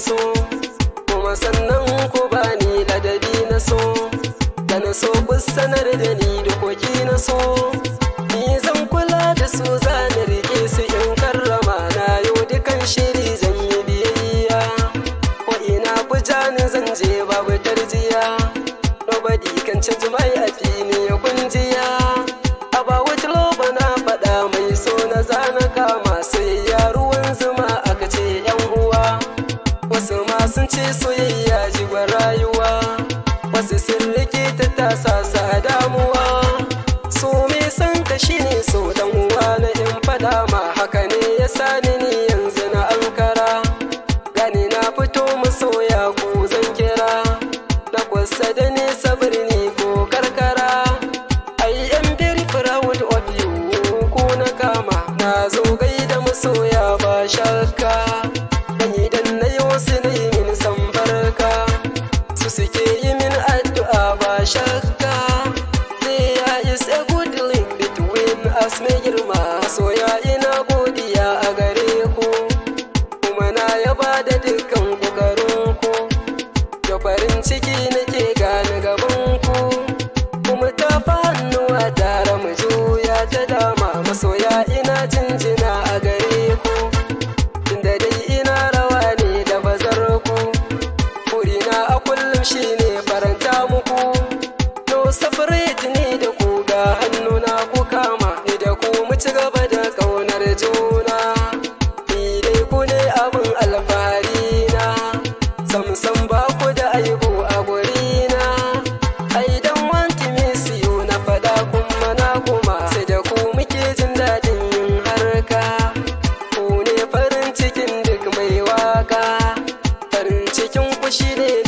so kuma sannan ku bani ladabi na so da na so ku sanar da ni dokoki na so ni zan kula da su zani rike su in karrama na yau dukan shiri zan yi biyayya ko ina ku jani zan je babu tarjiya nobody kan canji mai a fini ya kunjiya a ba wuce na faɗa mai so na zana sun ce soyayya jigon rayuwa wasu sun rike ta tasa sa damuwa so me san ka shine so dan uwa na in fada ma ne. as mai girma ina godiya a gare ku kuma na yaba da dukkan kokarin ku da farin ciki nake gane gaban ku kuma ta fa hannuwa tare mu juya ta dama masoya shit is.